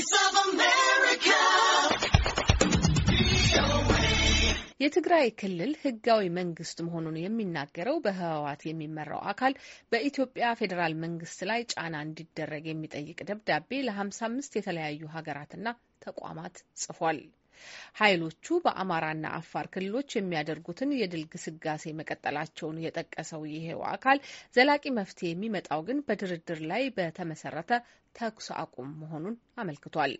Voice of America. የትግራይ ክልል ህጋዊ መንግስት መሆኑን የሚናገረው በህወሓት የሚመራው አካል በኢትዮጵያ ፌዴራል መንግስት ላይ ጫና እንዲደረግ የሚጠይቅ ደብዳቤ ለ55 የተለያዩ ሀገራትና ተቋማት ጽፏል። ኃይሎቹ በአማራና አፋር ክልሎች የሚያደርጉትን የድል ግስጋሴ መቀጠላቸውን የጠቀሰው ይሄው አካል ዘላቂ መፍትሄ የሚመጣው ግን በድርድር ላይ በተመሰረተ ተኩስ አቁም መሆኑን አመልክቷል።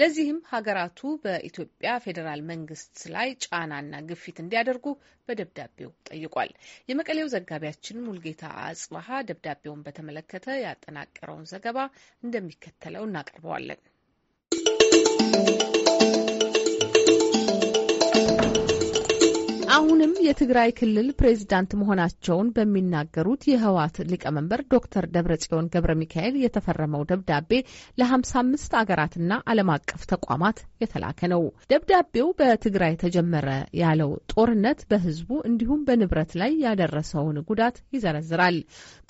ለዚህም ሀገራቱ በኢትዮጵያ ፌዴራል መንግስት ላይ ጫናና ግፊት እንዲያደርጉ በደብዳቤው ጠይቋል። የመቀሌው ዘጋቢያችን ሙልጌታ አጽባሀ ደብዳቤውን በተመለከተ ያጠናቀረውን ዘገባ እንደሚከተለው እናቀርበዋለን። አሁንም የትግራይ ክልል ፕሬዚዳንት መሆናቸውን በሚናገሩት የህወሓት ሊቀመንበር ዶክተር ደብረጽዮን ገብረ ሚካኤል የተፈረመው ደብዳቤ ለ55 አገራትና ዓለም አቀፍ ተቋማት የተላከ ነው። ደብዳቤው በትግራይ ተጀመረ ያለው ጦርነት በህዝቡ እንዲሁም በንብረት ላይ ያደረሰውን ጉዳት ይዘረዝራል።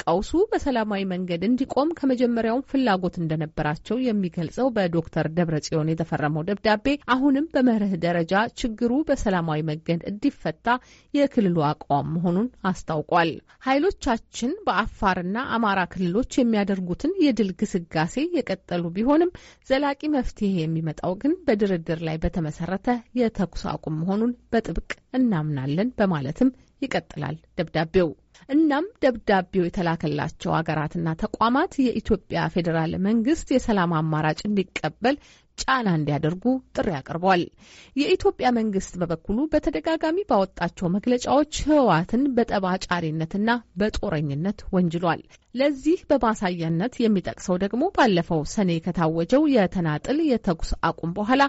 ቀውሱ በሰላማዊ መንገድ እንዲቆም ከመጀመሪያውም ፍላጎት እንደነበራቸው የሚገልጸው በዶክተር ደብረጽዮን የተፈረመው ደብዳቤ አሁንም በመርህ ደረጃ ችግሩ በሰላማዊ መንገድ እንዲፈታ የመጣ የክልሉ አቋም መሆኑን አስታውቋል። ኃይሎቻችን በአፋርና አማራ ክልሎች የሚያደርጉትን የድል ግስጋሴ የቀጠሉ ቢሆንም ዘላቂ መፍትሄ የሚመጣው ግን በድርድር ላይ በተመሰረተ የተኩስ አቁም መሆኑን በጥብቅ እናምናለን በማለትም ይቀጥላል ደብዳቤው። እናም ደብዳቤው የተላከላቸው ሀገራትና ተቋማት የኢትዮጵያ ፌዴራል መንግስት የሰላም አማራጭ እንዲቀበል ጫና እንዲያደርጉ ጥሪ አቅርቧል። የኢትዮጵያ መንግስት በበኩሉ በተደጋጋሚ ባወጣቸው መግለጫዎች ህወሓትን በጠባጫሪነትና በጦረኝነት ወንጅሏል። ለዚህ በማሳያነት የሚጠቅሰው ደግሞ ባለፈው ሰኔ ከታወጀው የተናጥል የተኩስ አቁም በኋላ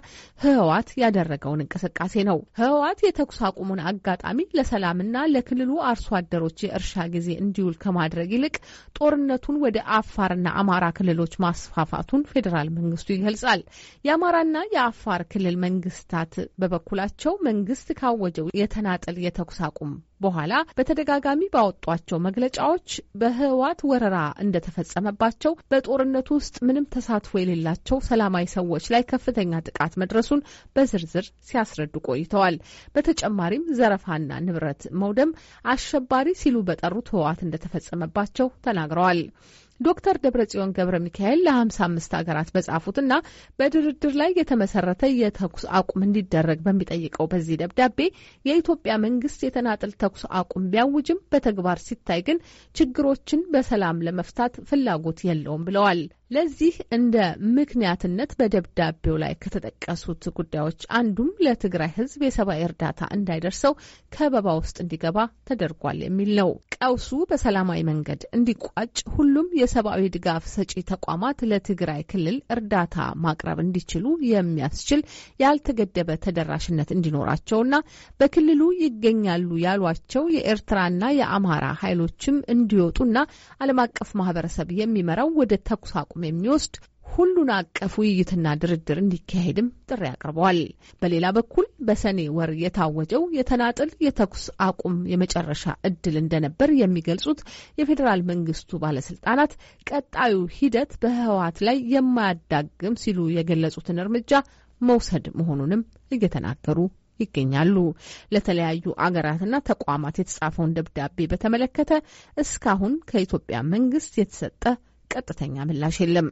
ህወሓት ያደረገውን እንቅስቃሴ ነው። ህወሓት የተኩስ አቁሙን አጋጣሚ ለሰላምና ለክልሉ አርሶ አደሮች ለእርሻ ጊዜ እንዲውል ከማድረግ ይልቅ ጦርነቱን ወደ አፋርና አማራ ክልሎች ማስፋፋቱን ፌዴራል መንግስቱ ይገልጻል። የአማራና የአፋር ክልል መንግስታት በበኩላቸው መንግስት ካወጀው የተናጠል የተኩስ አቁም በኋላ በተደጋጋሚ ባወጧቸው መግለጫዎች በህወሓት ወረራ እንደተፈጸመባቸው በጦርነቱ ውስጥ ምንም ተሳትፎ የሌላቸው ሰላማዊ ሰዎች ላይ ከፍተኛ ጥቃት መድረሱን በዝርዝር ሲያስረዱ ቆይተዋል። በተጨማሪም ዘረፋና ንብረት መውደም አሸባሪ ሲሉ በጠሩት ህወሓት እንደተፈጸመባቸው ተናግረዋል። ዶክተር ደብረጽዮን ገብረ ሚካኤል ለ55 ሀገራት በጻፉትና በድርድር ላይ የተመሰረተ የተኩስ አቁም እንዲደረግ በሚጠይቀው በዚህ ደብዳቤ የኢትዮጵያ መንግስት የተናጥል ተኩስ አቁም ቢያውጅም በተግባር ሲታይ ግን ችግሮችን በሰላም ለመፍታት ፍላጎት የለውም ብለዋል። ለዚህ እንደ ምክንያትነት በደብዳቤው ላይ ከተጠቀሱት ጉዳዮች አንዱም ለትግራይ ሕዝብ የሰብአዊ እርዳታ እንዳይደርሰው ከበባ ውስጥ እንዲገባ ተደርጓል የሚል ነው። ቀውሱ በሰላማዊ መንገድ እንዲቋጭ ሁሉም የሰብአዊ ድጋፍ ሰጪ ተቋማት ለትግራይ ክልል እርዳታ ማቅረብ እንዲችሉ የሚያስችል ያልተገደበ ተደራሽነት እንዲኖራቸውና በክልሉ ይገኛሉ ያሏቸው የኤርትራና የአማራ ኃይሎችም እንዲወጡና ዓለም አቀፍ ማህበረሰብ የሚመራው ወደ ተኩስ አቁም የሚወስድ ሁሉን አቀፍ ውይይትና ድርድር እንዲካሄድም ጥሪ አቅርበዋል። በሌላ በኩል በሰኔ ወር የታወጀው የተናጥል የተኩስ አቁም የመጨረሻ እድል እንደነበር የሚገልጹት የፌዴራል መንግስቱ ባለስልጣናት ቀጣዩ ሂደት በህወሓት ላይ የማያዳግም ሲሉ የገለጹትን እርምጃ መውሰድ መሆኑንም እየተናገሩ ይገኛሉ። ለተለያዩ አገራትና ተቋማት የተጻፈውን ደብዳቤ በተመለከተ እስካሁን ከኢትዮጵያ መንግስት የተሰጠ ቀጥተኛ ምላሽ የለም።